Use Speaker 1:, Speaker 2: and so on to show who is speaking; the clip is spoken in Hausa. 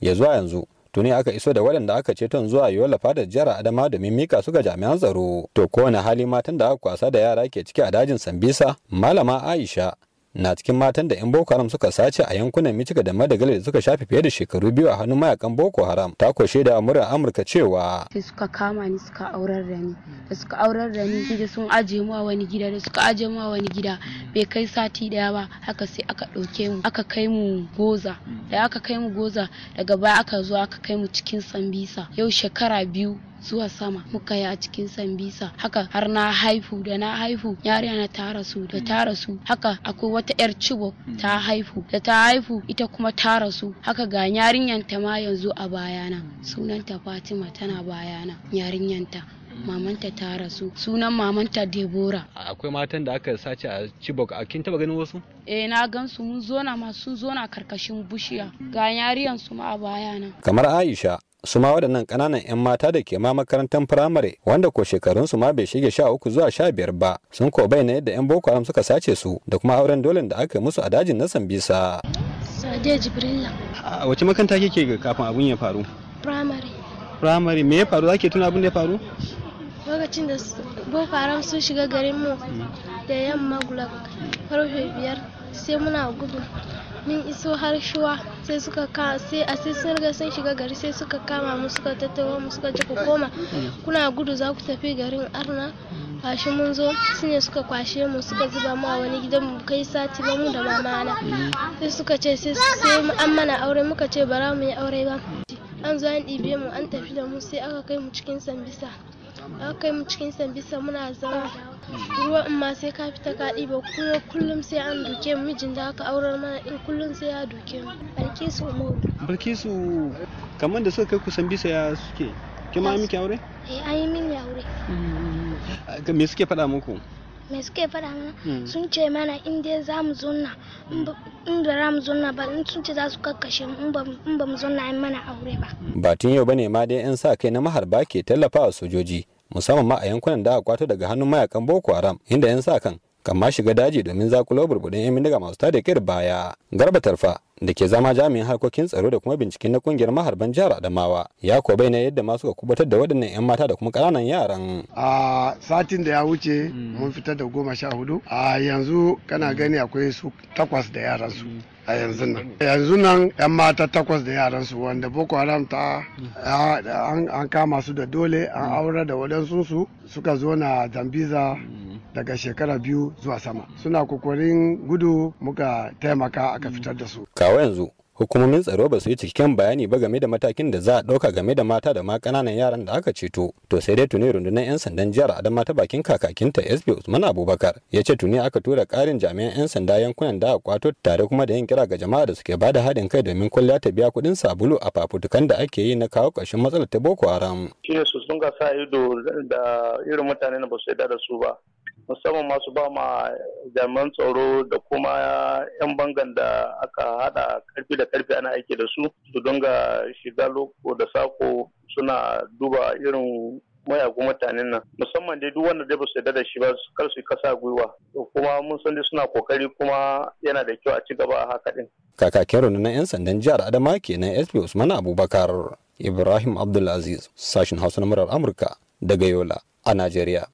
Speaker 1: ya zuwa yanzu tuni aka iso da waɗanda aka ceton zuwa yola fadar jihar adama domin mika su ga jami'an tsaro to kowane hali matan da aka kwasa da yara ke ciki a dajin sambisa malama aisha na cikin matan da 'yan boko haram suka sace a yankunan michigan da madagali da suka shafe fiye da shekaru biyu a hannun mayakan boko haram ta koshe da murar amurka cewa
Speaker 2: sai suka kama ni suka aurar da ni da suka aurar da ni da sun aje mu a wani gida da suka aje mu a wani gida bai kai sati daya ba haka sai aka ɗauke mu aka kai mu goza da aka kai mu goza daga baya aka zo aka kai mu cikin sambisa yau shekara biyu zuwa sama muka yi a cikin sambisa haka har na haifu da na haifu yariya na ta rasu da ta rasu haka akwai wata yar cibo ta haifu da ta haifu ita kuma ta rasu haka ga yarinyar ta ma yanzu a bayana sunanta fatima tana bayana yarinyanta mamanta ta rasu sunan mamanta debora
Speaker 1: akwai matan da aka sace a chibok a kin taba ganin wasu
Speaker 2: eh na gan su mun zona ma sun zona karkashin bushiya ga yariyan su ma a bayana
Speaker 1: kamar aisha su ma waɗannan ƙananan 'yan mata da ke ma makarantar firamare wanda ko shekarunsu ma bai shige sha uku zuwa sha biyar ba sun ko bayyana yadda 'yan boko haram suka sace su da kuma auren dole da aka yi musu a dajin na sambisa.
Speaker 3: sadiya jibrila
Speaker 1: a wace makaranta kike kafin abun ya faru firamare firamare me ya faru zake tuna abun da ya faru
Speaker 3: lokacin da boko haram sun shiga garin mu mm. da yamma gulag karfe biyar sai muna gudu mun iso har shuwa sai suka ka sai a sai sun riga sun shiga gari sai suka kama mu suka tattawa mu suka ji ku koma kuna gudu za ku tafi garin arna gashi mun zo shine suka kwashe mu suka zuba mu a wani gidan mu kai sati ba mu da mamana sai suka ce sai an mana aure muka ce bara mu yi aure ba an zo an ɗibe mu an tafi da mu sai aka kai mu cikin sambisa an kai mu cikin sambisa muna zama ruwa in ma sai ka fita ka ɗiba kuma kullum sai an duke mu mijin da aka aurar mana in kullum sai ya duke mu barkisu mu
Speaker 1: barkisu kamar da suka kai ku sambisa ya suke kima miki aure
Speaker 3: eh an yi mini aure
Speaker 1: me suke faɗa muku
Speaker 3: me suke faɗa mana hmm. sun ce mana in dai za mu zonna in da za mu zonna ba in sun ce za su kakkashe mu in ba mu zonna in mana aure ba.
Speaker 1: ba tun yau bane ma dai 'yan sa kai na maharba ke tallafawa sojoji musamman ma a yankunan da aka kwato daga hannun mayakan boko haram inda 'yan sa kan kan ma shiga daji domin zakulo burbuɗin 'yan bindiga masu tada kir baya garba tarfa da ke zama jami'in harkokin tsaro da kuma binciken na kungiyar maharban jihar Adamawa ya ko bayyana yadda masu ka kubatar da waɗannan 'yan mata da kuma ƙananan yaran.
Speaker 2: A satin da ya wuce mm. mun fitar da goma sha hudu a yanzu kana mm. gani akwai su takwas da yaran su. Mm. a yanzu nan yanzu nan yan mata takwas da yaran su wanda boko haram ta an kama su da dole an aura da waɗansu su suka zo na zambiza daga shekara biyu zuwa sama suna kokarin gudu muka taimaka aka fitar da su
Speaker 1: kawo yanzu hukumomin tsaro ba su yi cikakken bayani ba game da matakin da za a ɗauka game da mata da ma kananan yaran da aka ceto to sai dai tuni rundunar 'yan sandan jihar adama ta bakin kakakinta sb usman abubakar ya ce tuni aka tura ƙarin jami'an 'yan sanda yankunan da aka kwato tare kuma da yin kira ga jama'a da suke bada haɗin kai domin kwalliya ta biya kuɗin sabulu a fafutukan da ake yi na kawo ƙarshen matsalar ta boko haram. shi ne su sun ga sa ido da irin mutanen da ba su yarda da su ba musamman masu ba ma jami'an tsaro da kuma 'yan bangan da aka hada karfi da karfi ana aiki da su su dinga shiga loko da sako suna duba irin mayagun mutanen nan musamman dai duk wanda dai ba su da shi ba kar su kasa gwiwa kuma mun san dai suna kokari kuma yana da kyau a ci gaba a haka din kakakin rundunar 'yan sandan jihar adama kenan sp usman abubakar ibrahim abdulaziz sashin hausa na murar amurka daga yola a najeriya